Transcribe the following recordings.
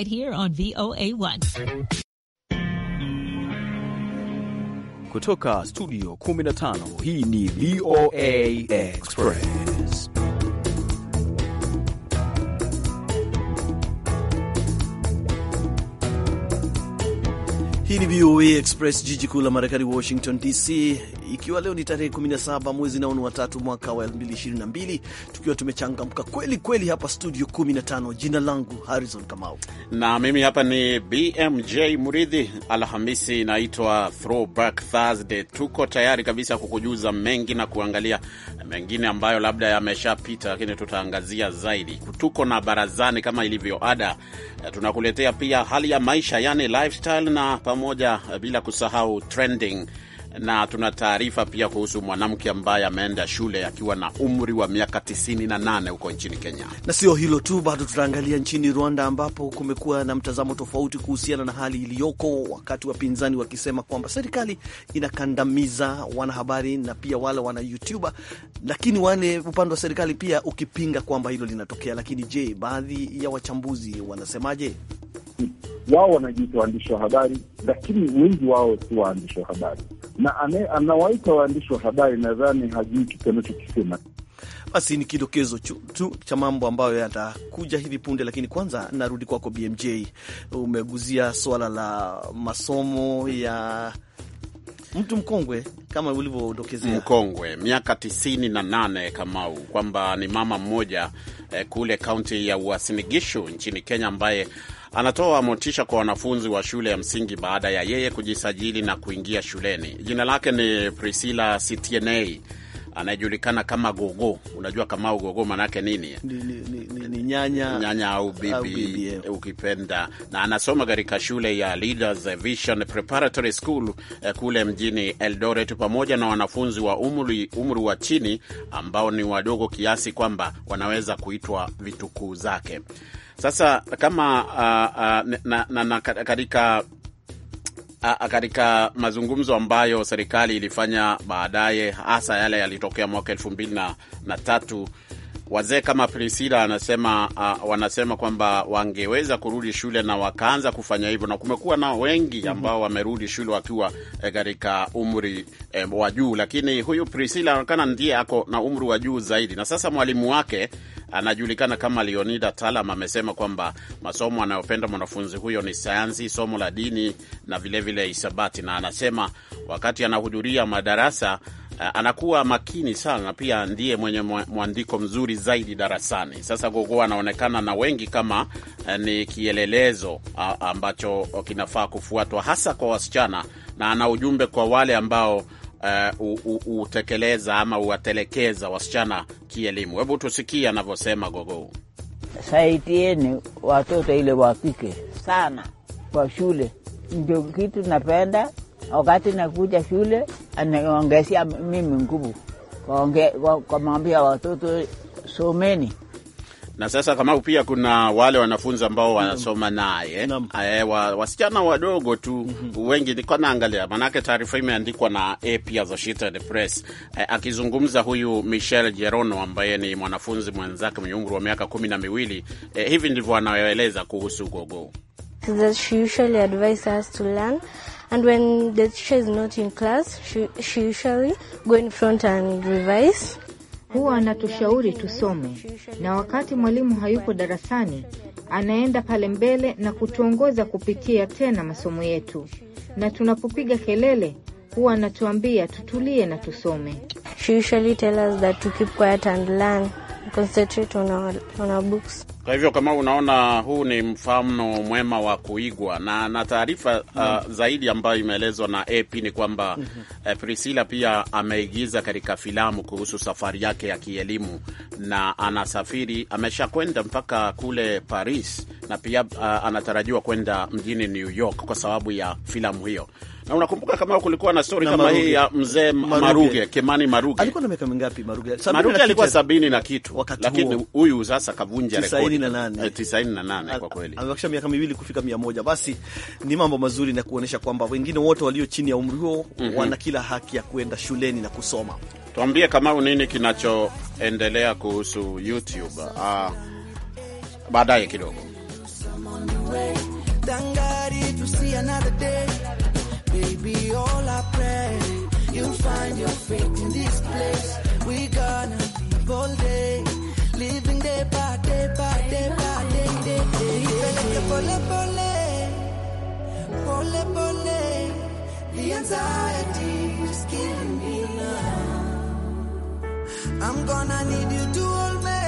right here on VOA1. Kutoka studio 15 hii ni VOA Express. Hii ni VOA Express, jiji kuu la Marekani, Washington DC, ikiwa leo ni tarehe 17 mwezi naoni wa tatu mwaka wa 2022 tukiwa tumechangamka kweli kweli hapa studio 15. Jina langu Harrison Kamau na mimi hapa ni BMJ Muridhi. Alhamisi inaitwa Throwback Thursday. Tuko tayari kabisa kukujuza mengi na kuangalia mengine ambayo labda yameshapita, lakini tutaangazia zaidi. Tuko na barazani kama ilivyo ada, tunakuletea pia hali ya maisha, yani lifestyle na moja, bila kusahau trending na tuna taarifa pia kuhusu mwanamke ambaye ameenda shule akiwa na umri wa miaka 98 huko nchini Kenya. Na sio hilo tu, bado tutaangalia nchini Rwanda ambapo kumekuwa na mtazamo tofauti kuhusiana na hali iliyoko, wakati wapinzani wakisema kwamba serikali inakandamiza wanahabari na pia wale wana YouTube, lakini wale upande wa serikali pia ukipinga kwamba hilo linatokea. Lakini je, baadhi ya wachambuzi wanasemaje? wao wanajiita waandishi wa habari, lakini wengi wao si waandishi wa habari, na anawaita waandishi wa habari, nadhani hajui kitu anachokisema. Basi ni kidokezo tu cha mambo ambayo yatakuja hivi punde, lakini kwanza narudi kwako BMJ. Umeguzia swala la masomo ya mtu mkongwe kama ulivyodokezea, mkongwe miaka tisini na nane Kamau, kwamba ni mama mmoja eh, kule kaunti ya Uasin Gishu nchini Kenya ambaye Anatoa motisha kwa wanafunzi wa shule ya msingi baada ya yeye kujisajili na kuingia shuleni. Jina lake ni Priscilla Ctna anayejulikana kama Gogo. Unajua kama Gogo maanake nini? Ni, ni, ni, ni nyanya, nyanya au bibi, eh. ukipenda, na anasoma katika shule ya Leaders Vision Preparatory School eh, kule mjini Eldoret pamoja na wanafunzi wa umri umri wa chini ambao ni wadogo kiasi kwamba wanaweza kuitwa vitukuu zake. Sasa kama uh, uh, na, na, na, katika katika mazungumzo ambayo serikali ilifanya baadaye, hasa yale yalitokea mwaka elfu mbili na, na tatu wazee kama Priscilla anasema uh, wanasema kwamba wangeweza kurudi shule na wakaanza kufanya hivyo, na kumekuwa nao wengi mhm. ambao wamerudi shule wakiwa e, katika eh, umri eh, wa juu, lakini huyu Priscilla anaonekana ndiye ako na umri wa juu zaidi, na sasa mwalimu wake anajulikana kama Leonida Talam amesema kwamba masomo anayopenda mwanafunzi huyo ni sayansi, somo la dini na vilevile vile hisabati, na anasema wakati anahudhuria madarasa Eh, anakuwa makini sana na pia ndiye mwenye mwandiko mzuri zaidi darasani. Sasa Gogo anaonekana na wengi kama eh, ni kielelezo ambacho kinafaa kufuatwa hasa kwa wasichana, na ana ujumbe kwa wale ambao hutekeleza eh, utekeleza ama huwatelekeza wasichana kielimu. Hebu tusikie anavyosema gogou Saidieni watoto ile wakike sana kwa shule, ndio kitu napenda Wakati nakuja shule anaongezea mimi nguvu, kamwambia watoto someni. Na sasa kama pia kuna wale wanafunzi ambao wanasoma mm-hmm. naye e, wa, wasichana wadogo tu mm -hmm. Wengi niko naangalia, maanake taarifa imeandikwa na AP Associated Press eh, akizungumza huyu Michel Jerono ambaye ni mwanafunzi mwenzake mwenye umri wa miaka kumi na miwili e, hivi ndivyo anaeleza kuhusu gogo that she usually advises us to learn. And when the teacher is not in class, she, she usually go in front and revise. Huwa anatushauri tusome, na wakati mwalimu hayupo darasani anaenda pale mbele na kutuongoza kupitia tena masomo yetu, na tunapopiga kelele huwa anatuambia tutulie na tusome. She usually tell us that to keep quiet and learn, concentrate on our, on our books. Kwa hivyo kama unaona, huu ni mfano mwema wa kuigwa na na taarifa uh, zaidi ambayo imeelezwa na AP ni kwamba mm -hmm. uh, Priscilla pia ameigiza katika filamu kuhusu safari yake ya kielimu, na anasafiri, ameshakwenda mpaka kule Paris na pia uh, anatarajiwa kwenda mjini New York kwa sababu ya filamu hiyo. Na unakumbuka kama kulikuwa na story na kama hii ya mzee Maruge. Maruge Kemani Maruge alikuwa na miaka mingapi? Maruge, Maruge alikuwa sabini na kitu, lakini huyu sasa kavunja rekodi 98 eh, amebakisha miaka miwili kufika mia moja. Basi ni mambo mazuri na kuonyesha kwamba wengine wote walio chini ya umri huo mm -hmm. wana kila haki ya kuenda shuleni na kusoma. Tuambie Kamau, nini kinachoendelea kuhusu YouTube? Ah, baadaye kidogo day by day de de de. pole pole, pole pole. The killing me now. I'm gonna need you to hold me.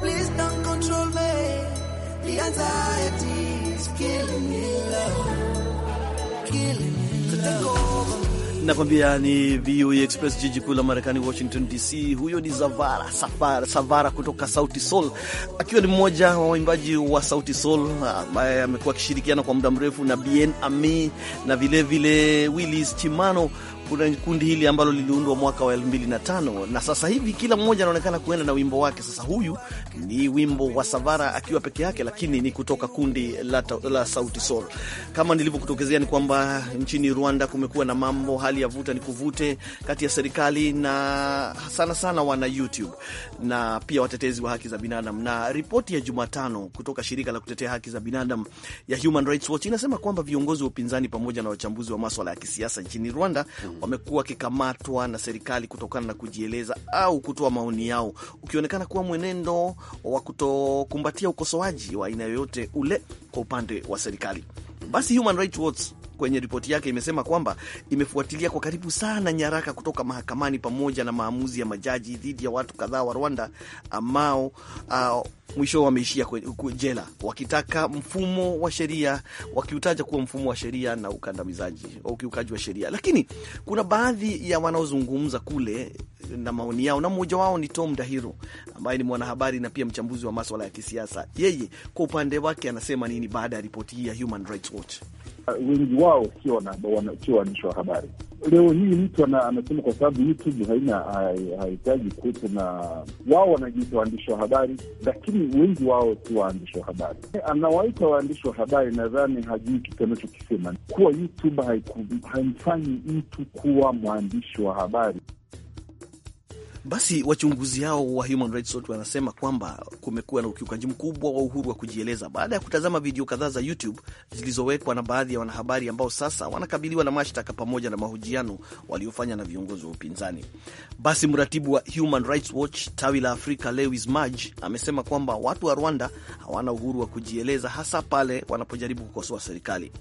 Please don't control me. The is killing me, now. Killing me. now. nakwambia ni VOA Express, jiji kuu la Marekani, Washington DC. Huyo ni Zavara Savara, Savara kutoka Sauti Sol, akiwa ni mmoja wa waimbaji wa Sauti Sol ambaye amekuwa akishirikiana kwa muda mrefu na Bien Ami na vilevile Willis Chimano kuna kundi hili ambalo liliundwa mwaka wa 2005 na sasa hivi kila mmoja anaonekana kuenda na wimbo wake. Sasa huyu ni wimbo wa Savara akiwa peke yake, lakini ni kutoka kundi la, la Sauti Sol. Kama nilivyokutokezea ni kwamba nchini Rwanda kumekuwa na mambo, hali ya vuta ni kuvute kati ya serikali na sana sana wana YouTube na pia watetezi wa haki za binadamu. Na ripoti ya Jumatano kutoka shirika la kutetea haki za binadamu ya Human Rights Watch inasema kwamba viongozi wa upinzani pamoja na wachambuzi wa maswala ya kisiasa nchini Rwanda wamekuwa wakikamatwa na serikali kutokana na kujieleza au kutoa maoni yao, ukionekana kuwa mwenendo wa kutokumbatia ukosoaji wa aina yoyote ule kwa upande wa serikali. Basi Human Rights Watch kwenye ripoti yake imesema kwamba imefuatilia kwa karibu sana nyaraka kutoka mahakamani pamoja na maamuzi ya majaji dhidi ya watu kadhaa wa Rwanda ambao uh, mwisho wameishia jela, wakitaka mfumo wa sheria, wakiutaja kuwa mfumo wa sheria na ukandamizaji au ukiukaji wa sheria. Lakini kuna baadhi ya wanaozungumza kule na maoni yao, na mmoja wao ni Tom Dahiro ambaye ni mwanahabari na pia mchambuzi wa maswala ya kisiasa. Yeye kwa upande wake anasema nini baada ya ripoti hii ya Human Rights Watch? Ah, wengi wao sio waandishi wa habari. Leo hii mtu anasema kwa sababu YouTube haina hahitaji kuwepo na wao, wanajiita waandishi wa habari, lakini wengi wao si waandishi wa habari. Anawaita waandishi wa habari, nadhani hajui kitu anachokisema, kuwa YouTube haimfanyi mtu kuwa mwandishi wa habari. Basi wachunguzi hao wa Human Rights Watch wanasema kwamba kumekuwa na ukiukaji mkubwa wa uhuru wa kujieleza baada ya kutazama video kadhaa za YouTube zilizowekwa na baadhi ya wanahabari ambao sasa wanakabiliwa na mashtaka pamoja na mahojiano waliofanya na viongozi wa upinzani. Basi mratibu wa Human Rights Watch tawi la Afrika, Lewis Maj, amesema kwamba watu wa Rwanda hawana uhuru wa kujieleza, hasa pale wanapojaribu kukosoa serikali.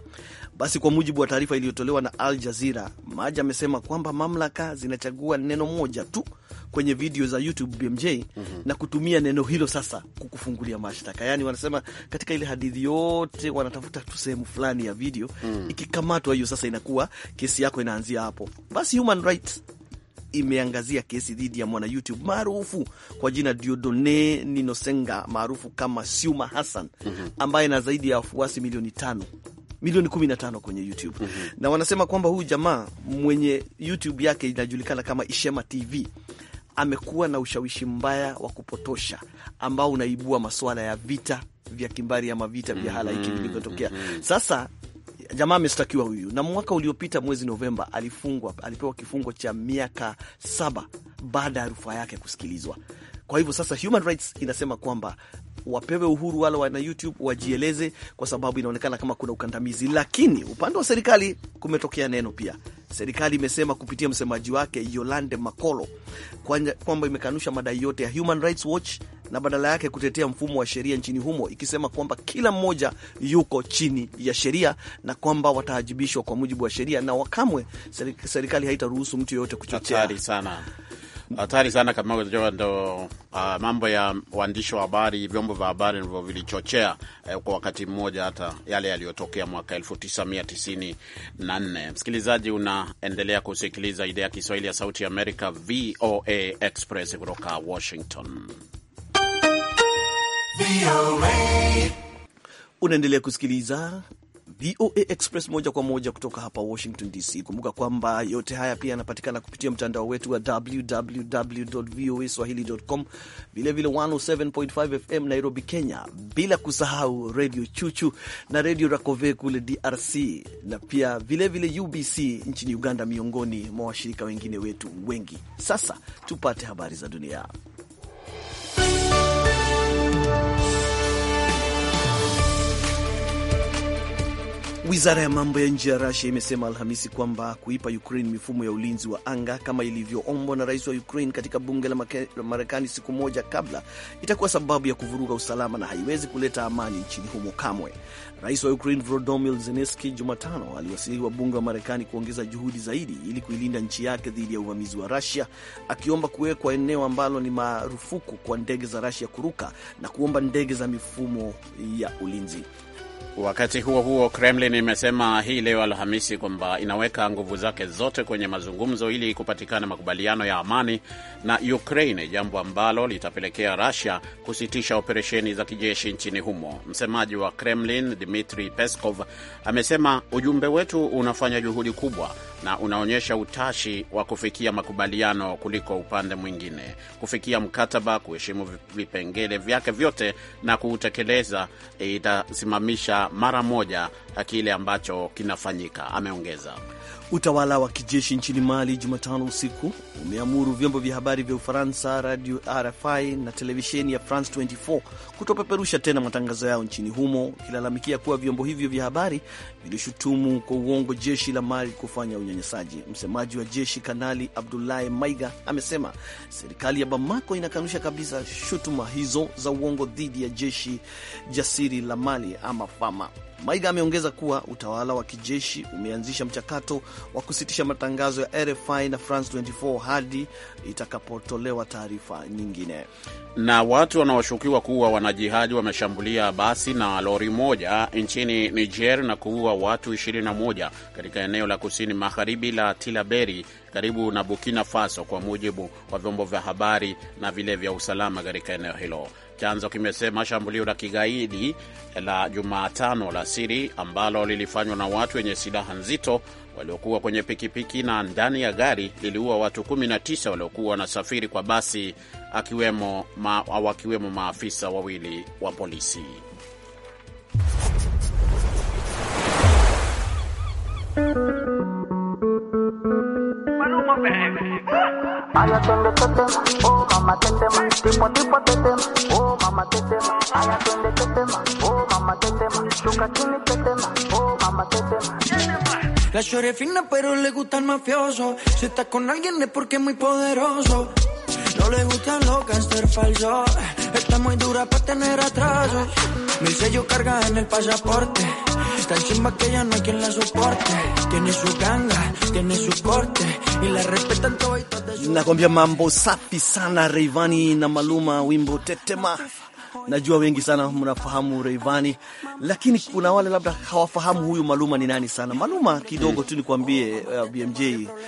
Basi kwa mujibu wa taarifa iliyotolewa na Al Jazeera, Maj amesema kwamba mamlaka zinachagua neno moja tu kwenye video za YouTube BMJ mm -hmm. na kutumia neno hilo sasa kukufungulia mashtaka. yaani wanasema katika ile hadithi yote wanatafuta tu sehemu fulani ya video mm -hmm. ikikamatwa hiyo sasa inakuwa kesi yako inaanzia hapo. Basi human rights imeangazia kesi dhidi ya mwana YouTube maarufu kwa jina Diodone Ninosenga maarufu kama Siuma Hassan mhm. ambaye na zaidi ya wafuasi milioni tano milioni 15 kwenye YouTube mm -hmm. na wanasema kwamba huyu jamaa mwenye YouTube yake inajulikana kama Ishema TV amekuwa na ushawishi mbaya wa kupotosha ambao unaibua maswala ya vita vya kimbari ama vita vya mhm. halaiki vilivyotokea. mm -hmm. Sasa jamaa ameshtakiwa huyu, na mwaka uliopita mwezi Novemba alifungwa, alipewa kifungo cha miaka saba baada ya rufaa yake kusikilizwa. Kwa hivyo sasa Human Rights inasema kwamba wapewe uhuru wale wana YouTube wajieleze, kwa sababu inaonekana kama kuna ukandamizi. Lakini upande wa serikali kumetokea neno pia. Serikali imesema kupitia msemaji wake Yolande Makolo kwamba imekanusha madai yote ya Human Rights Watch na badala yake kutetea mfumo wa sheria nchini humo, ikisema kwamba kila mmoja yuko chini ya sheria na kwamba wataajibishwa kwa mujibu wa sheria, na wakamwe serikali haitaruhusu mtu yoyote kuchochea. Hatari sana hatari sana kama ndo uh, ah, mambo ya waandishi wa habari, vyombo vya habari ndivyo vilichochea eh, kwa wakati mmoja hata yale yaliyotokea mwaka 1994. Msikilizaji, unaendelea kusikiliza idhaa ya Kiswahili ya Sauti ya Amerika, VOA Express kutoka Washington. Unaendelea kusikiliza VOA Express moja kwa moja kutoka hapa Washington DC. Kumbuka kwamba yote haya pia yanapatikana kupitia mtandao wetu wa www voa swahili.com, vilevile 107.5 FM Nairobi, Kenya, bila kusahau redio Chuchu na redio Rakove kule DRC na pia vilevile vile UBC nchini Uganda, miongoni mwa washirika wengine wetu wengi. Sasa tupate habari za dunia. Wizara ya mambo ya nje ya rasia imesema Alhamisi kwamba kuipa Ukraine mifumo ya ulinzi wa anga kama ilivyoombwa na rais wa Ukraine katika bunge la Marekani siku moja kabla itakuwa sababu ya kuvuruga usalama na haiwezi kuleta amani nchini humo kamwe. Rais wa Ukraine Volodymyr Zelensky Jumatano aliwasihi wabunge wa Marekani kuongeza juhudi zaidi ili kuilinda nchi yake dhidi ya uvamizi wa rasia akiomba kuwekwa eneo ambalo ni marufuku kwa ndege za rasia kuruka na kuomba ndege za mifumo ya ulinzi. Wakati huo huo, Kremlin imesema hii leo Alhamisi kwamba inaweka nguvu zake zote kwenye mazungumzo ili kupatikana makubaliano ya amani na Ukraine, jambo ambalo litapelekea Russia kusitisha operesheni za kijeshi nchini humo. Msemaji wa Kremlin dmitri Peskov amesema ujumbe wetu unafanya juhudi kubwa na unaonyesha utashi wa kufikia makubaliano kuliko upande mwingine. Kufikia mkataba, kuheshimu vipengele vyake vyote na kuutekeleza itasimamisha mara moja kile ambacho kinafanyika, ameongeza. Utawala wa kijeshi nchini Mali Jumatano usiku umeamuru vyombo vya habari vya Ufaransa, radio RFI na televisheni ya France 24 kutopeperusha tena matangazo yao nchini humo, ikilalamikia kuwa vyombo hivyo vya habari vilishutumu kwa uongo jeshi la Mali kufanya unyanyasaji. Msemaji wa jeshi Kanali Abdulahi Maiga amesema serikali ya Bamako inakanusha kabisa shutuma hizo za uongo dhidi ya jeshi jasiri la Mali ama FAMA. Maiga ameongeza kuwa utawala wa kijeshi umeanzisha mchakato wa kusitisha matangazo ya RFI na France 24 hadi itakapotolewa taarifa nyingine. Na watu wanaoshukiwa kuwa wanajihadi wameshambulia basi na lori moja nchini Niger na kuua watu 21 katika eneo la kusini magharibi la Tilaberi karibu na Burkina Faso, kwa mujibu wa vyombo vya habari na vile vya usalama katika eneo hilo. Chanzo kimesema shambulio la kigaidi la Jumatano la siri ambalo lilifanywa na watu wenye silaha nzito waliokuwa kwenye pikipiki na ndani ya gari liliua watu 19 waliokuwa wanasafiri kwa basi, akiwemo ma, wakiwemo maafisa wawili wa polisi. I attend the tetem, oh mama tema, tipo tipo tema, oh mama tetem, I attend the tema, oh mama tetem, chuca chini tema, oh mama tetem. La chore fina pero le gusta el mafioso, si está con alguien es porque es muy poderoso. No le gustan los gangster falsos, está muy dura para tener atrasos. Mi sello carga en el pasaporte Está encima que ya no hay quien la soporte. Tiene su ganga, tiene su corte y la respetan todo y todo. Nakwambia mambo safi sana Reivani na Maluma, wimbo Tetema. Najua wengi sana mnafahamu Reivani, lakini kuna wale labda hawafahamu huyu Maluma ni nani sana. Maluma kidogo tu nikwambie, uh, BMJ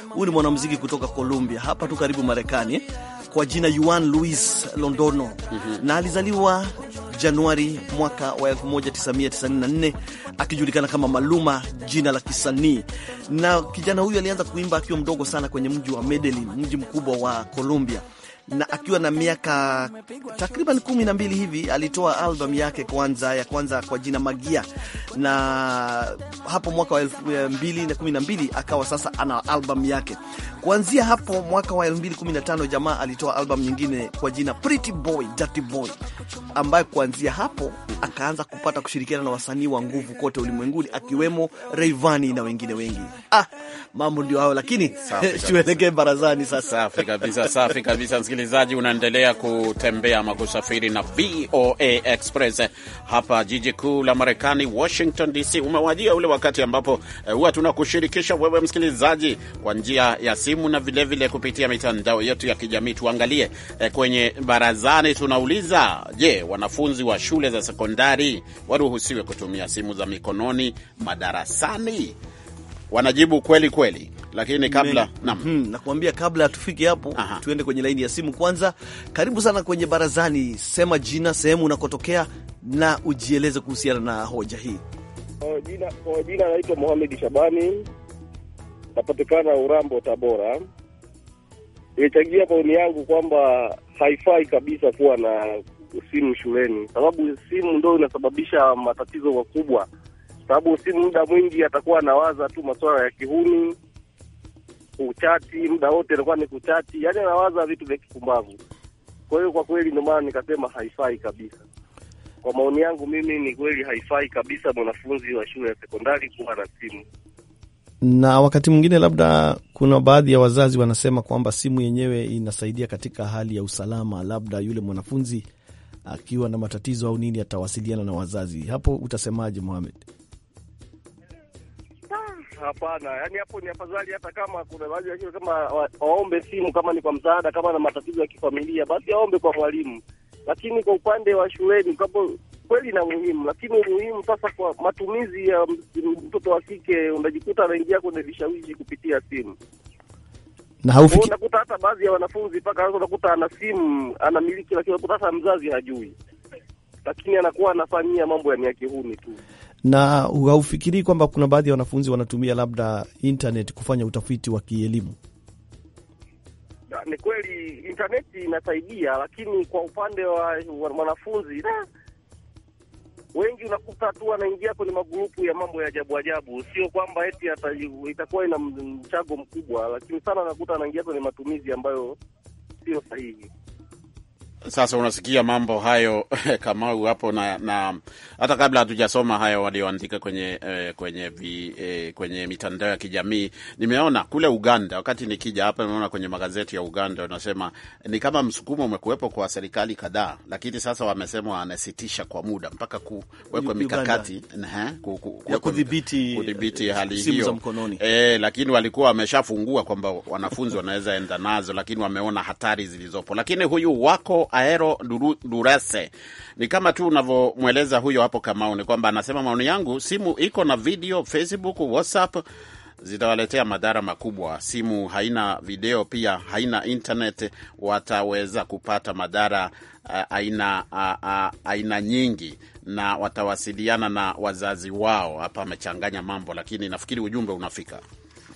huyu ni mwanamuziki kutoka Colombia, hapa tu karibu Marekani, kwa jina Juan Luis Londono mm -hmm. na alizaliwa Januari mwaka wa 1994 akijulikana kama Maluma, jina la kisanii. Na kijana huyu alianza kuimba akiwa mdogo sana kwenye mji wa Medellin, mji mkubwa wa Colombia na akiwa na miaka takriban kumi na mbili hivi alitoa albamu yake kwanza ya kwanza kwa jina Magia, na hapo mwaka wa elfu mbili na kumi na mbili akawa sasa ana albamu yake. Kuanzia hapo mwaka wa elfu mbili kumi na tano jamaa alitoa albamu nyingine kwa jina Pretty Boy Dirty Boy, ambayo kuanzia hapo akaanza kupata kushirikiana na wasanii wa nguvu kote ulimwenguni akiwemo Rayvanny na wengine wengi. Ah, mambo ndio hayo, lakini tuelekee barazani sasa. Safi kabisa, safi kabisa msikilizaji, unaendelea kutembea ama kusafiri na VOA Express hapa jiji kuu la Marekani, Washington DC. Umewajia ule wakati ambapo eh, huwa tunakushirikisha wewe msikilizaji kwa njia ya simu na vilevile vile kupitia mitandao yetu ya kijamii. Tuangalie eh, kwenye barazani, tunauliza je, wanafunzi wa shule za sekondari waruhusiwe kutumia simu za mikononi madarasani? Wanajibu kweli kweli lakini kabla naam, hmm, nakuambia kabla tufike hapo, tuende kwenye laini ya simu kwanza. Karibu sana kwenye barazani, sema jina, sehemu unakotokea na ujieleze kuhusiana na hoja hii. Kwa oh, jina, oh, anaitwa Mohamed Shabani, napatikana Urambo, Tabora. Imechangia maoni yangu kwamba haifai kabisa kuwa na simu shuleni, sababu simu ndo inasababisha matatizo makubwa, sababu simu muda mwingi atakuwa anawaza tu masuala ya kihuni kuchati muda wote, alikuwa ni kuchati, yani anawaza vitu vya kipumbavu. Kwa hiyo kwa kweli, ndio maana nikasema haifai kabisa. Kwa maoni yangu mimi, ni kweli haifai kabisa mwanafunzi wa shule ya sekondari kuwa na simu. Na wakati mwingine, labda kuna baadhi ya wazazi wanasema kwamba simu yenyewe inasaidia katika hali ya usalama, labda yule mwanafunzi akiwa na matatizo au nini atawasiliana na wazazi. Hapo utasemaje, Mohamed? hapana. yani hapo ni afadhali, hata kama kuna baadhi ya shule kama wa, waombe simu kama ni kwa msaada, kama na matatizo ya kifamilia, basi aombe kwa mwalimu. Lakini kwa upande wa shuleni kapo kweli na muhimu, lakini umuhimu sasa kwa matumizi ya mtoto wa kike, unajikuta anaingia kwenye vishawishi kupitia simu na haufiki... unakuta hata baadhi ya wanafunzi mpaka unakuta ana simu anamiliki, lakini unakuta hata mzazi hajui, lakini anakuwa anafanyia mambo ya ni tu na haufikirii kwamba kuna baadhi ya wanafunzi wanatumia labda internet kufanya utafiti wa kielimu? Ni kweli internet inasaidia, lakini kwa upande wa wanafunzi wengi unakuta tu anaingia kwenye magrupu ya mambo ya ajabu ajabu. Sio kwamba eti itakuwa ina mchango mkubwa, lakini sana anakuta anaingia kwenye matumizi ambayo sio sahihi. Sasa unasikia mambo hayo Kamau hapo na, na hata kabla hatujasoma hayo walioandika kwenye eh, kwenye vi, eh, kwenye mitandao ya kijamii nimeona kule Uganda, wakati nikija hapa nimeona kwenye magazeti ya Uganda unasema ni kama msukumo umekuwepo kwa serikali kadhaa, lakini sasa wamesema wanasitisha kwa muda mpaka kuwekwe mikakati kudhibiti hali hiyo eh, lakini walikuwa wameshafungua kwamba wanafunzi wanaweza enda nazo, lakini wameona hatari zilizopo, lakini huyu wako Aero durase Ni kama tu unavyomweleza huyo hapo Kamau, ni kwamba anasema, maoni yangu, simu iko na video, Facebook, WhatsApp zitawaletea madhara makubwa. Simu haina video, pia haina internet, wataweza kupata madhara aina, aina nyingi, na watawasiliana na wazazi wao. Hapa amechanganya mambo, lakini nafikiri ujumbe unafika.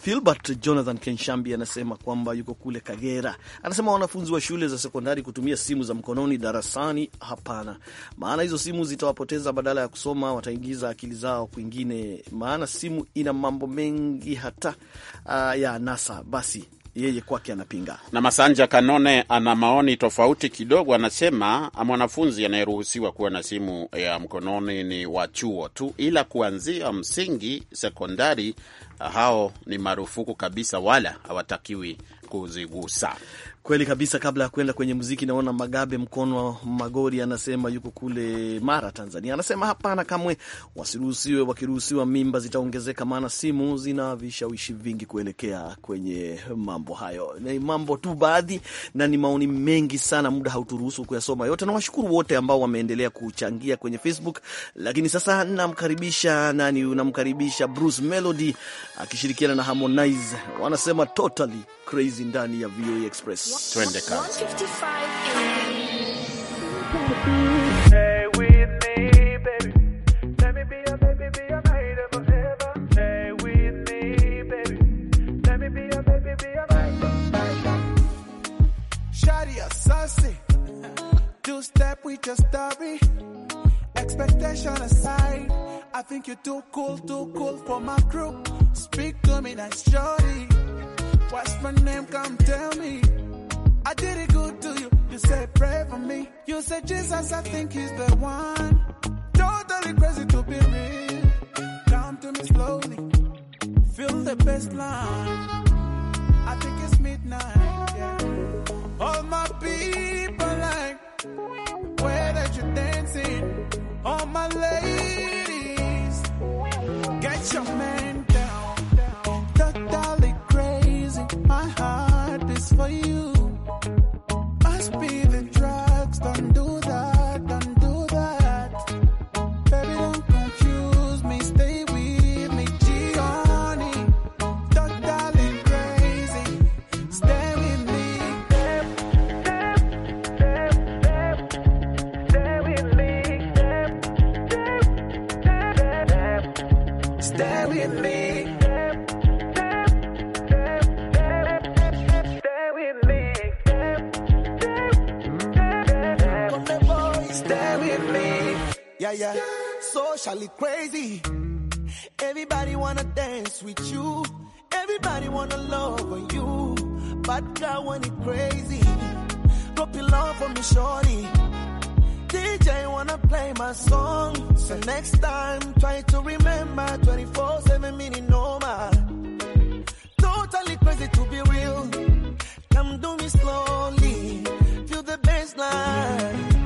Filbert Jonathan Kenshambi anasema kwamba yuko kule Kagera. Anasema wanafunzi wa shule za sekondari kutumia simu za mkononi darasani, hapana, maana hizo simu zitawapoteza. Badala ya kusoma, wataingiza akili zao kwingine, maana simu ina mambo mengi hata uh, ya nasa. Basi yeye kwake anapinga. Na Masanja Kanone ana maoni tofauti kidogo, anasema mwanafunzi anayeruhusiwa kuwa na simu ya mkononi ni wa chuo tu, ila kuanzia msingi, sekondari, hao ni marufuku kabisa, wala hawatakiwi kuzigusa. Kweli kabisa. Kabla ya kuenda kwenye muziki, naona Magabe Mkono Magori anasema yuko kule Mara, Tanzania. Anasema hapana, kamwe wasiruhusiwe. Wakiruhusiwa mimba zitaongezeka, maana simu zina vishawishi vingi kuelekea kwenye mambo hayo. Ni mambo tu baadhi, na ni maoni mengi sana, muda hauturuhusu kuyasoma yote, na washukuru wote ambao wameendelea kuchangia kwenye Facebook. Lakini sasa namkaribisha nani? Unamkaribisha Bruce Melody akishirikiana na Harmonize, wanasema totally crazy ndani ya VOA e Express. Twendeka. Hey, with me, baby. with your Two step with your story. Expectation aside, I think you're too cool, too cool for my crew. Speak to me, nice Shotty. What's my name? Come tell me. I did it good to you. You said pray for me. You said Jesus, I think he's the one. Totally crazy to be real. Come to me slowly. Feel the best line. I think it's midnight. Yeah. All my people like, where that you dancing? All my ladies, get your man. with me. Yeah, yeah. Socially crazy. Everybody wanna dance with you. Everybody wanna love on you. But girl, when it crazy, drop your love for me, shorty. DJ wanna play my song. So next time, try to remember 24-7 meaning normal. Totally crazy to be real. Come do me slowly. Feel the baseline.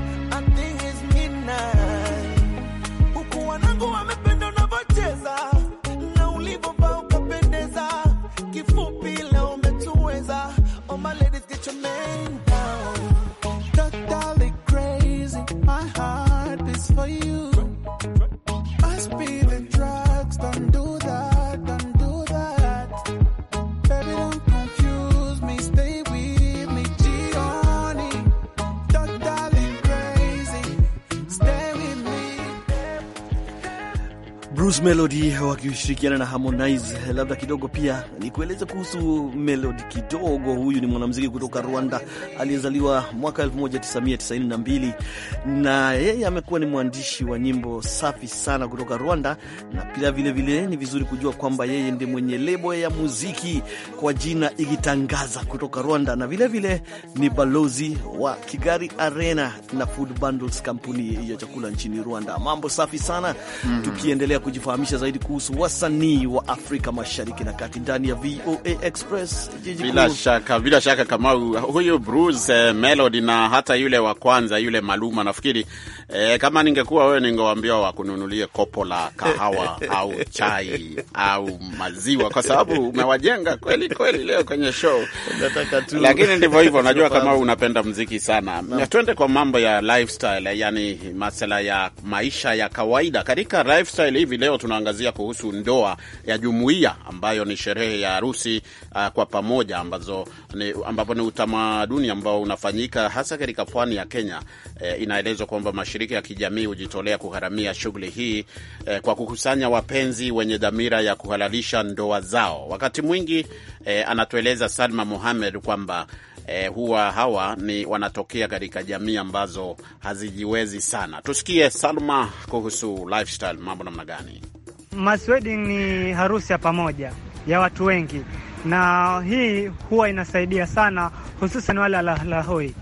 kupendeza na ulivyovaa ukapendeza, kifupi leo umetuweza. Oh my ladies get your man down, crazy, my heart is for you Bruce Melody wakishirikiana na Harmonize. Labda kidogo pia nikueleze kuhusu Melody kidogo. Huyu ni mwanamuziki kutoka Rwanda aliyezaliwa mwaka 1992 na yeye amekuwa ni mwandishi wa nyimbo safi sana kutoka Rwanda, na pia vilevile ni vizuri kujua kwamba yeye ndiye mwenye lebo ya muziki kwa jina Igitangaza kutoka Rwanda, na vilevile vile ni balozi wa Kigali Arena na Food Bundles, kampuni ya chakula nchini Rwanda. Mambo safi sana mm -hmm. tukiendelea kuj kujifahamisha zaidi kuhusu wasanii wa Afrika Mashariki na Kati ndani ya VOA Express Bila shaka, bila shaka Kamau, huyu Bruce eh, Melody na hata yule wa kwanza yule Maluma nafikiri eh, kama ningekuwa wewe ningewaambia wakununulie kopo la kahawa au chai au maziwa, kwa sababu umewajenga kweli kweli leo kwenye show lakini ndivyo hivyo, najua kama unapenda mziki sana no. twende kwa mambo ya lifestyle, yani masala ya maisha ya kawaida katika lifestyle hivi leo tunaangazia kuhusu ndoa ya jumuiya ambayo ni sherehe ya harusi uh, kwa pamoja ambazo ni, ambapo ni utamaduni ambao unafanyika hasa katika pwani ya Kenya. Eh, inaelezwa kwamba mashirika ya kijamii hujitolea kugharamia shughuli hii eh, kwa kukusanya wapenzi wenye dhamira ya kuhalalisha ndoa zao. Wakati mwingi eh, anatueleza Salma Mohamed kwamba eh, huwa hawa ni wanatokea katika jamii ambazo hazijiwezi sana. Tusikie Salma kuhusu lifestyle, mambo namna gani? Mass wedding ni harusi ya pamoja ya watu wengi, na hii huwa inasaidia sana, hususan wale walalahoi.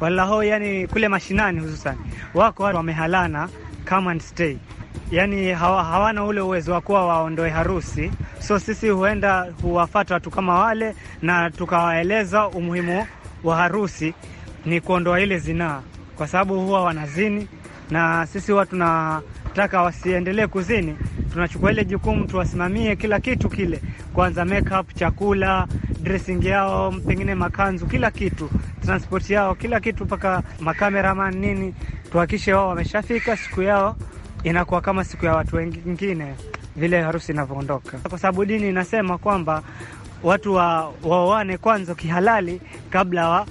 walahoi yani kule mashinani, hususan wako watu wamehalana, come and stay, yani hawana ule uwezo wa kuwa waondoe harusi So sisi huenda huwafata watu kama wale na tukawaeleza umuhimu wa harusi ni kuondoa ile zinaa, kwa sababu huwa wanazini, na sisi huwa tunataka wasiendelee kuzini. Tunachukua ile jukumu tuwasimamie kila kitu kile, kwanza makeup, chakula, dressing yao, pengine makanzu, kila kitu, transport yao, kila kitu, mpaka makameraman nini, tuhakikishe wao wameshafika, siku yao inakuwa kama siku ya watu wengine vile harusi inavyoondoka, kwa sababu dini inasema kwamba watu waoane kwanza kihalali kabla wa,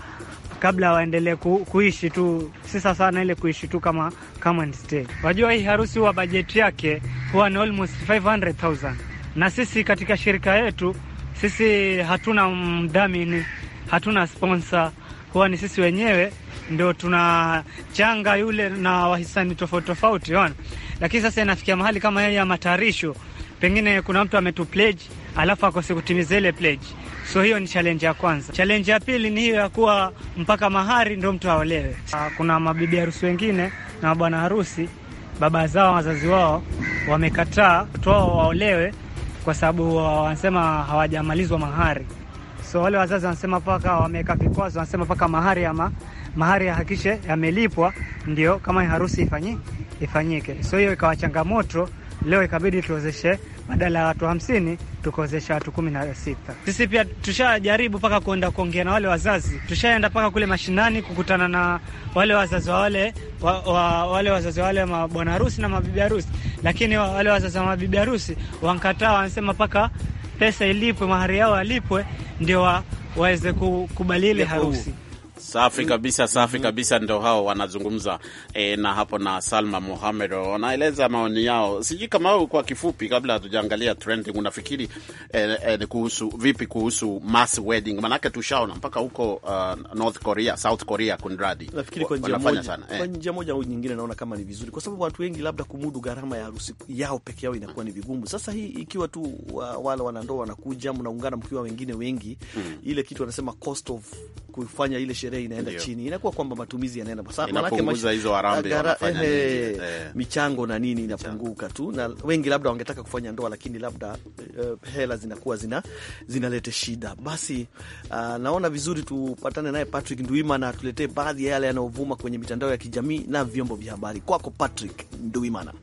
kabla waendelee ku, kuishi tu. Si sawa sana ile kuishi tu kama come and stay. Wajua hii harusi huwa bajeti yake huwa ni almost 500,000 na sisi katika shirika yetu sisi hatuna mdhamini, hatuna sponsor, huwa ni sisi wenyewe ndio tunachanga yule na wahisani tofauti tofauti, ona. Lakini sasa inafikia mahali kama yeye ya matayarisho, pengine kuna mtu ametu pledge alafu akose kutimiza ile pledge. So hiyo ni challenge ya kwanza. Challenge ya pili ni hiyo ya kuwa mpaka mahari ndio mtu aolewe. Ah, kuna mabibi harusi wengine na bwana harusi, baba zao wazazi wao wamekataa watoto wao waolewe kwa sababu wanasema hawajamalizwa mahari. So wale wazazi wanasema paka wameweka vikwazo, wanasema paka mahari ama mahari hakishe yamelipwa, ndio kama harusi ifanyi, ifanyike. So hiyo ikawa changamoto leo, ikabidi tuozeshe badala ya watu hamsini tukaozesha watu kumi na sita. Sisi pia tushajaribu mpaka kuenda kuongea na wale wazazi, tushaenda mpaka kule mashinani kukutana na wale wazazi wa wale wa, wa, wale wazazi wa wale mabwana harusi na mabibi harusi, lakini wa, wale wazazi wa mabibi harusi wankataa, wanasema mpaka pesa ilipwe, mahari yao alipwe ndio waweze kukubali ile harusi. Safi kabisa, safi kabisa, ndo hao wanazungumza e, na hapo na Salma Mohamed wanaeleza maoni yao. Sijui kama kwa kifupi, kabla hatujaangalia trending, unafikiri e, e, kuhusu vipi kuhusu mass wedding? Maanake tushaona mpaka huko uh, North Korea, South Korea, kunradi nafikiri kwa njia moja sana, kwa eh. njia moja au nyingine, naona kama ni vizuri, kwa sababu watu wengi labda kumudu gharama ya harusi yao peke yao inakuwa ni vigumu. Sasa hii ikiwa tu wale wanandoa wanakuja, mnaungana mkiwa wengine wengi, mm. ile kitu wanasema cost of kufanya ile sherehe sherehe inaenda chini, inakuwa kwamba matumizi yanaenda eh, eh. michango na nini inapunguka tu, na wengi labda wangetaka kufanya ndoa, lakini labda uh, hela zinakuwa zina zinalete shida. Basi uh, naona vizuri tupatane naye Patrick Nduimana atuletee baadhi ya yale yanayovuma kwenye mitandao ya kijamii na vyombo vya habari. Kwako Patrick Nduimana.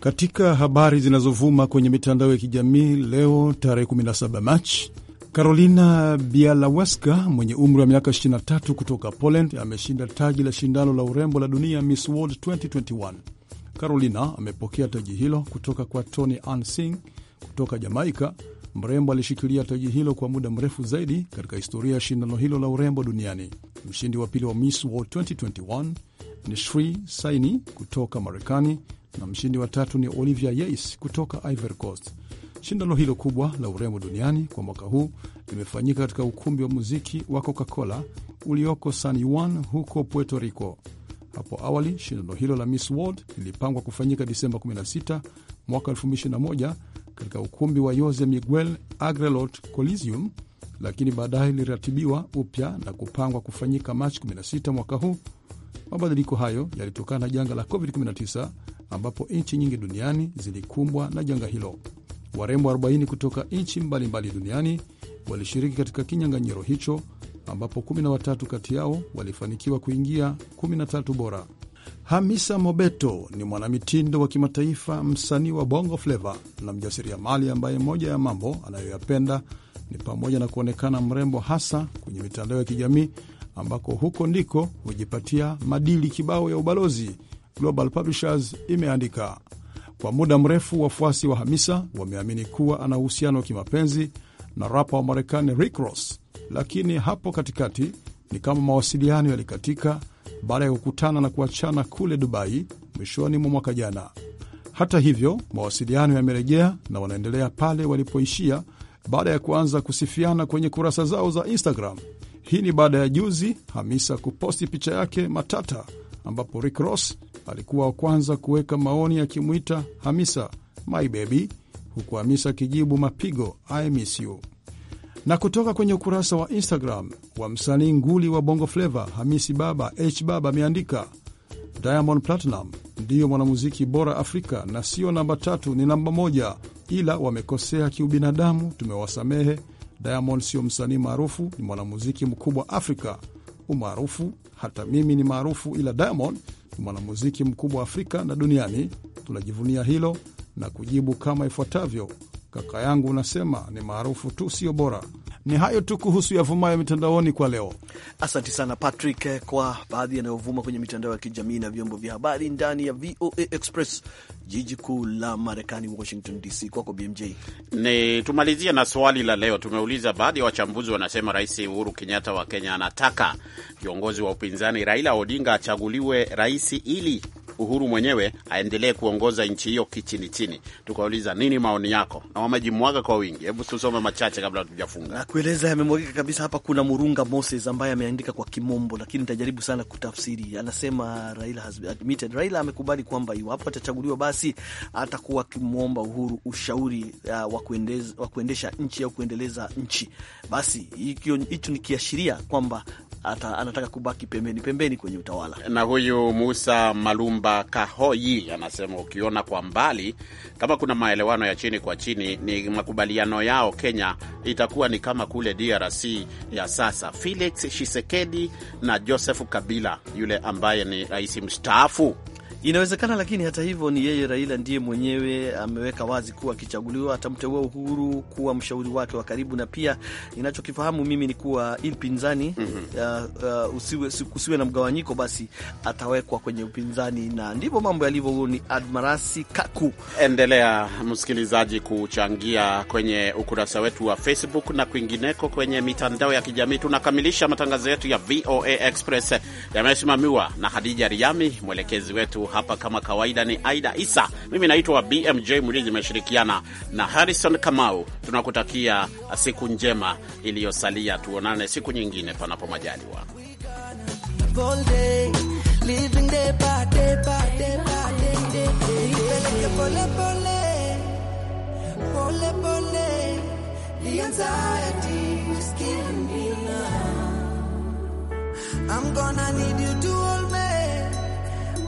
Katika habari zinazovuma kwenye mitandao ya kijamii leo tarehe 17 Machi Karolina bialawaska mwenye umri wa miaka 23 kutoka Poland ameshinda taji la shindano la urembo la dunia Miss World 2021. Carolina amepokea taji hilo kutoka kwa Tony Ansing kutoka Jamaika. Mrembo alishikilia taji hilo kwa muda mrefu zaidi katika historia ya shindano hilo la urembo duniani. Mshindi wa pili wa Miss World 2021 ni Shri Saini kutoka Marekani na mshindi wa tatu ni Olivia Yeis kutoka Ivory Coast. Shindano hilo kubwa la urembo duniani kwa mwaka huu limefanyika katika ukumbi wa muziki wa Coca-Cola ulioko San Juan huko Puerto Rico. Hapo awali shindano hilo la Miss World lilipangwa kufanyika Disemba 16 mwaka 2021 katika ukumbi wa Jose Miguel Agrelot Coliseum, lakini baadaye liliratibiwa upya na kupangwa kufanyika Machi 16 mwaka huu. Mabadiliko hayo yalitokana na janga la COVID-19 ambapo nchi nyingi duniani zilikumbwa na janga hilo. Warembo 40 kutoka nchi mbalimbali duniani walishiriki katika kinyang'anyiro hicho ambapo 13 kati yao walifanikiwa kuingia 13 bora. Hamisa Mobeto ni mwanamitindo wa kimataifa, msanii wa Bongo Flava na mjasiriamali ambaye moja ya mambo anayoyapenda ni pamoja na kuonekana mrembo, hasa kwenye mitandao ya kijamii ambako huko ndiko hujipatia madili kibao ya ubalozi. Global Publishers imeandika kwa muda mrefu wafuasi wa Hamisa wameamini kuwa ana uhusiano wa kimapenzi na rapa wa Marekani Rick Ross, lakini hapo katikati ni kama mawasiliano yalikatika baada ya kukutana na kuachana kule Dubai mwishoni mwa mwaka jana. Hata hivyo, mawasiliano yamerejea na wanaendelea pale walipoishia baada ya kuanza kusifiana kwenye kurasa zao za Instagram. Hii ni baada ya juzi Hamisa kuposti picha yake matata ambapo Rick Ross alikuwa wa kwanza kuweka maoni akimwita Hamisa my baby, huku Hamisa akijibu mapigo I miss you. Na kutoka kwenye ukurasa wa Instagram wa msanii nguli wa Bongo Flava Hamisi Baba H Baba ameandika Diamond Platinum ndiyo mwanamuziki bora Afrika na sio namba tatu, ni namba moja, ila wamekosea kiubinadamu, tumewasamehe. Diamond sio msanii maarufu, ni mwanamuziki mkubwa Afrika umaarufu. Hata mimi ni maarufu, ila Diamond ni mwanamuziki mkubwa wa Afrika na duniani. Tunajivunia hilo na kujibu kama ifuatavyo kaka yangu unasema ni maarufu tu, sio bora. Ni hayo tu kuhusu yavumayo mitandaoni kwa leo. Asante sana Patrick kwa baadhi yanayovuma kwenye mitandao ya kijamii na vyombo vya habari ndani ya VOA Express, jiji kuu la Marekani, Washington DC. Kwako BMJ. Ni tumalizie na swali la leo. Tumeuliza, baadhi ya wachambuzi wanasema Rais Uhuru Kenyatta wa Kenya anataka kiongozi wa upinzani Raila Odinga achaguliwe rais ili Uhuru mwenyewe aendelee kuongoza nchi hiyo kichini chini. Tukauliza nini maoni yako, na wamejimwaga kwa wingi. Hebu tusome machache kabla hatujafunga. Nakueleza yamemwagika kabisa hapa. Kuna Murunga Moses ambaye ameandika kwa Kimombo, lakini nitajaribu sana kutafsiri. Anasema Raila has admitted, Raila amekubali kwamba iwapo atachaguliwa, basi atakuwa akimwomba Uhuru ushauri uh, wa kuendesha nchi au kuendeleza nchi. Basi hicho ni kiashiria kwamba ata, anataka kubaki pembeni pembeni kwenye utawala. Na huyu Musa Malumba Kahoyi anasema ukiona kwa mbali kama kuna maelewano ya chini kwa chini, ni makubaliano yao Kenya itakuwa ni kama kule DRC ya sasa, Felix Tshisekedi na Joseph Kabila yule ambaye ni rais mstaafu Inawezekana, lakini hata hivyo, ni yeye Raila ndiye mwenyewe ameweka wazi kuwa akichaguliwa atamteua Uhuru kuwa mshauri wake wa karibu, na pia inachokifahamu mimi ni kuwa ili pinzani mm -hmm. uh, uh, usiwe, usiwe na mgawanyiko, basi atawekwa kwenye upinzani, na ndivyo mambo yalivyo. huo ni Admarasi Kaku. Endelea msikilizaji kuchangia kwenye ukurasa wetu wa Facebook na kwingineko kwenye mitandao ya kijamii. Tunakamilisha matangazo yetu ya VOA Express, yamesimamiwa na Hadija Riami, mwelekezi wetu hapa kama kawaida ni Aida Isa, mimi naitwa BMJ Mridhi, imeshirikiana na Harrison Kamau. Tunakutakia siku njema iliyosalia, tuonane siku nyingine panapo majaliwa.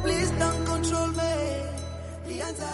Please don't control me.